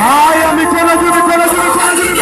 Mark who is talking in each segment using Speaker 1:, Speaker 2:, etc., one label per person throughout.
Speaker 1: Haya, mikono juu, mikono juu, mikono juu.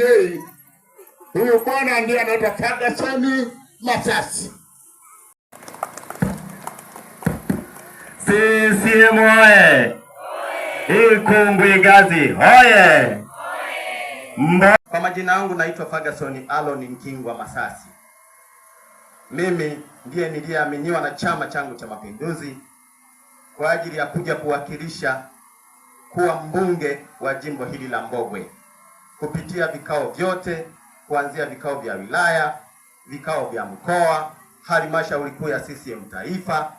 Speaker 1: DJ huyu bwana ndiye anaitwa Ferguson Masasi. CCM oye! Ikungwi Gazi oye! Kwa majina yangu naitwa Ferguson Alon Nkingwa Masasi. Mimi ndiye niliyeaminiwa na chama changu cha Mapinduzi kwa ajili ya kuja kuwakilisha kuwa mbunge wa jimbo hili la Mbogwe kupitia vikao vyote kuanzia vikao vya wilaya, vikao vya mkoa, halmashauri kuu ya CCM taifa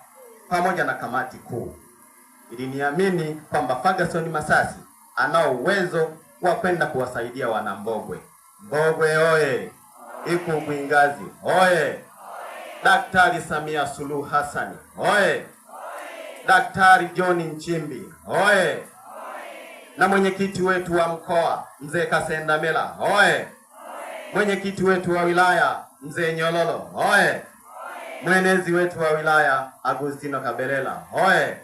Speaker 1: pamoja na kamati kuu. Iliniamini kwamba Ferguson Masasi anao uwezo wa kwenda kuwasaidia wana Mbogwe. Mbogwe oye! mwingazi oye! Daktari Samia Suluhu Hassan oye! Daktari John Nchimbi oye! na mwenyekiti wetu wa mkoa mzee Kasendamela oye, mwenyekiti wetu wa wilaya mzee Nyololo oye, mwenezi wetu wa wilaya Agustino Kabelela oye,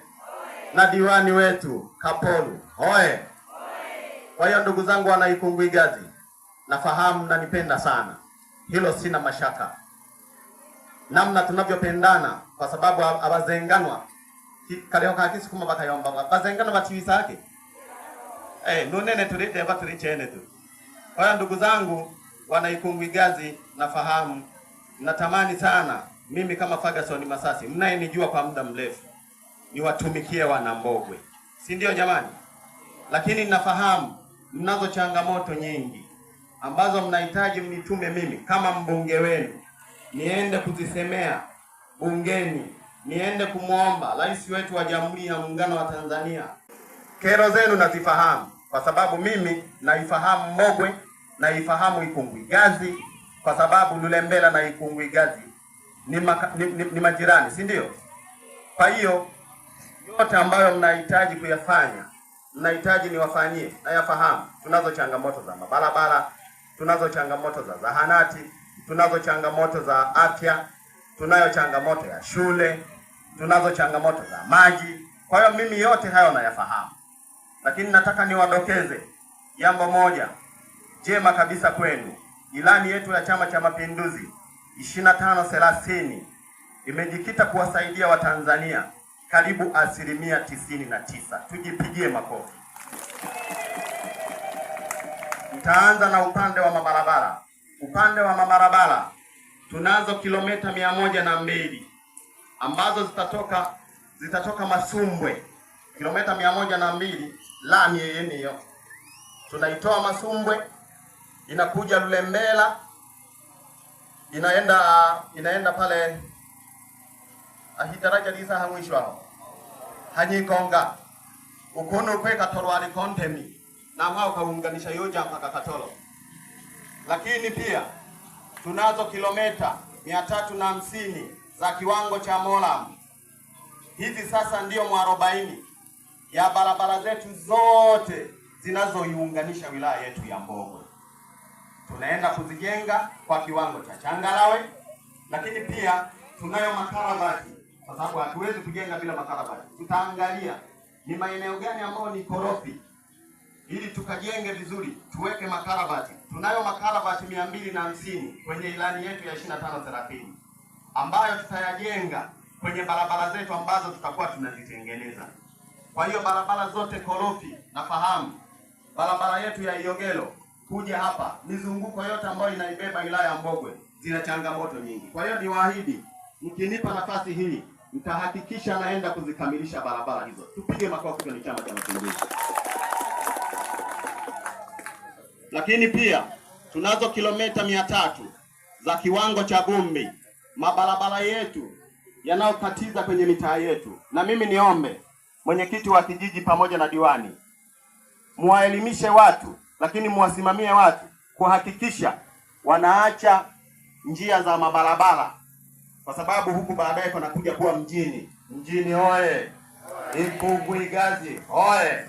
Speaker 1: na diwani wetu Kapolu oye. Kwa hiyo ndugu zangu wana Igazi, nafahamu na nipenda sana hilo, sina mashaka namna tunavyopendana kwa sababu kareho kakisukuma bakayomba bazengana batiwisake eh, nunene tuliteva tulichene tu. Kwa ndugu zangu wanaikungwigazi nafahamu natamani sana mimi kama Ferguson Masasi mnayenijua kwa muda mrefu niwatumikie Wanambogwe, si ndio jamani? Lakini nafahamu mnazo changamoto nyingi ambazo mnahitaji mnitume mimi kama mbunge wenu niende kuzisemea bungeni, niende kumwomba rais wetu wa Jamhuri ya Muungano wa Tanzania Kero zenu nazifahamu kwa sababu mimi naifahamu Mogwe, naifahamu gazi kwa sababu Lulembela na Gazi ni, ni, ni, ni majirani, si ndio? Kwa hiyo yote ambayo mnahitaji kuyafanya mnahitaji niwafanyie, nayafahamu. Tunazo changamoto za mabarabara, tunazo changamoto za zahanati, tunazo changamoto za afya, tunayo changamoto ya shule, tunazo changamoto za maji. Kwa hiyo mimi yote hayo nayafahamu. Lakini nataka niwadokeze jambo moja jema kabisa kwenu. Ilani yetu ya Chama cha Mapinduzi 2530 imejikita kuwasaidia Watanzania karibu asilimia tisini na tisa. Tujipigie makofi. Mtaanza na upande wa mabarabara. Upande wa mabarabara tunazo kilomita mia moja na mbili ambazo zitatoka zitatoka Masumbwe kilomita mia moja na mbili lami yeyeneyo tunaitoa Masumbwe inakuja Lulembela inaenda inaenda pale ahitaraja lisa hangwishwa hanyikonga ukono kwe katoro ali kontemi na mwao kaunganisha yoja mpaka katoro lakini pia tunazo kilometa mia tatu na hamsini za kiwango cha Moram hizi sasa ndiyo mwarobaini ya barabara zetu zote zinazoiunganisha wilaya yetu ya Mbogwe tunaenda kuzijenga kwa kiwango cha changarawe, lakini pia tunayo makarabati, kwa sababu hatuwezi kujenga bila makarabati. Tutaangalia ni maeneo gani ambayo ni korofi, ili tukajenge vizuri, tuweke makarabati. Tunayo makarabati mia mbili na hamsini kwenye ilani yetu ya ishirini na tano thelathini ambayo tutayajenga kwenye barabara zetu ambazo tutakuwa tunazitengeneza. Kwa hiyo barabara zote korofi, nafahamu barabara yetu ya Iyogelo kuja hapa, mizunguko yote ambayo inaibeba wilaya ya Mbogwe zina changamoto nyingi. Kwa hiyo niwaahidi, mkinipa nafasi hii nitahakikisha naenda kuzikamilisha barabara hizo. Tupige makofi kwenye Chama cha Mapinduzi. Lakini pia tunazo kilomita mia tatu za kiwango cha vumbi, mabarabara yetu yanayokatiza kwenye mitaa yetu, na mimi niombe mwenyekiti wa kijiji pamoja na diwani, muwaelimishe watu, lakini muwasimamie watu kuhakikisha wanaacha njia za mabarabara, kwa sababu huku baadaye panakuja kuwa mjini. Mjini oye! Ikugwi Gazi oye!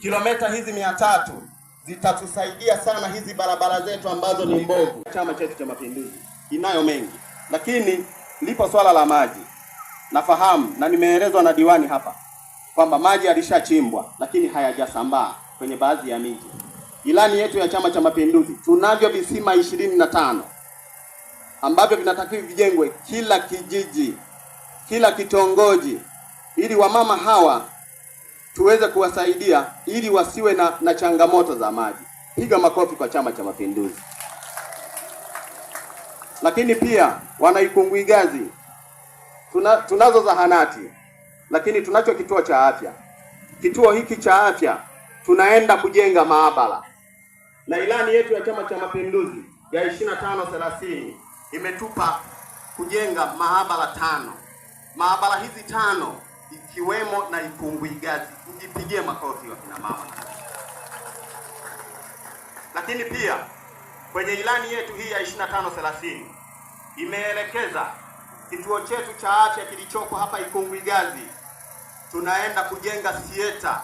Speaker 1: Kilometa hizi mia tatu zitatusaidia sana hizi barabara zetu ambazo ni mbovu. Chama chetu cha Mapinduzi inayo mengi, lakini lipo swala la maji. Nafahamu na nimeelezwa na diwani hapa kwamba maji yalishachimbwa lakini hayajasambaa kwenye baadhi ya miji. Ilani yetu ya Chama cha Mapinduzi tunavyo visima ishirini na tano ambavyo vinatakiwa vijengwe kila kijiji, kila kitongoji, ili wamama hawa tuweze kuwasaidia ili wasiwe na, na changamoto za maji. Piga makofi kwa Chama cha Mapinduzi. Lakini pia gazi tuna, tunazo zahanati lakini tunacho kituo cha afya. Kituo hiki cha afya tunaenda kujenga maabara, na ilani yetu ya Chama cha Mapinduzi ya 2530 imetupa kujenga maabara tano. Maabara hizi tano ikiwemo na Igazi, ujipigie makofi kina mama. Lakini pia kwenye ilani yetu hii ya 2530 imeelekeza Kituo chetu cha afya kilichoko hapa Ikungwi Gazi, tunaenda kujenga sieta,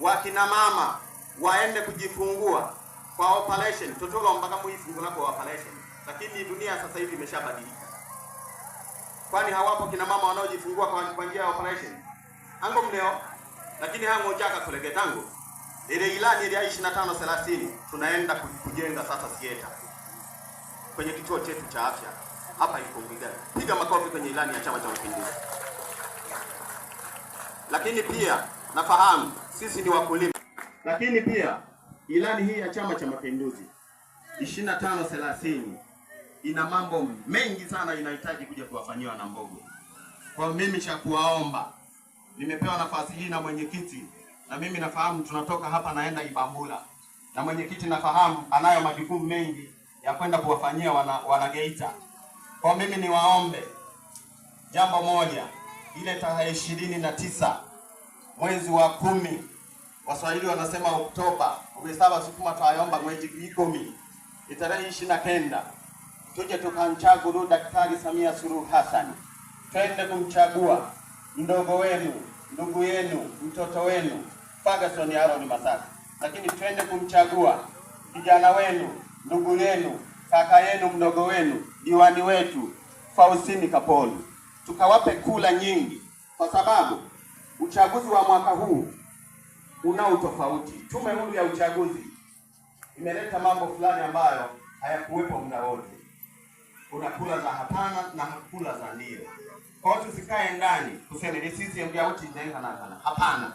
Speaker 1: wakina mama waende kujifungua kwa operation totolo mpaka muifungu lako operation. Lakini dunia sasa hivi imeshabadilika, kwani hawapo kina mama wanaojifungua kwa njia ya operation ango mleo, lakini kulege tangu ile ilani ile ya 25 30 tunaenda kujenga sasa sieta kwenye kituo chetu cha afya hapa iko Mwigae. Piga makofi kwenye ilani ya Chama cha Mapinduzi. Lakini pia nafahamu sisi ni wakulima, lakini pia ilani hii ya Chama cha Mapinduzi 2530 ina mambo mengi sana inahitaji kuja kuwafanyiwa na Mbogo. Kwa mimi cha kuwaomba, nimepewa nafasi hii na mwenyekiti, na mimi nafahamu tunatoka hapa naenda Ibambula, na mwenyekiti nafahamu anayo majukumu mengi ya kwenda kuwafanyia wana, wana Geita. Kwa mimi niwaombe jambo moja, ile tarehe ishirini na tisa mwezi wa kumi, Waswahili wanasema Oktoba umesaba sukuma twayomba mwezi kumi ni tarehe ishirini na kenda tuje tukamchagulu Daktari Samia Suluhu Hassan, twende kumchagua mdogo wenu, ndugu yenu, mtoto wenu Ferguson Aaron Masaka, lakini twende kumchagua kijana wenu, ndugu yenu kaka yenu mdogo wenu diwani wetu Faustini Kapolu, tukawape kula nyingi, kwa sababu uchaguzi wa mwaka huu unao tofauti. Tume huru ya uchaguzi imeleta mambo fulani ambayo hayakuwepo muda wote. Kuna kula za hapana na kula za ndio. Kwa hiyo tusikae ndani tuseme ni CCM na inaekanakana, hapana,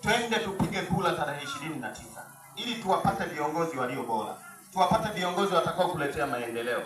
Speaker 1: twende tupige kula tarehe ishirini na tisa ili tuwapate viongozi walio bora tuwapate viongozi watakao kuletea maendeleo.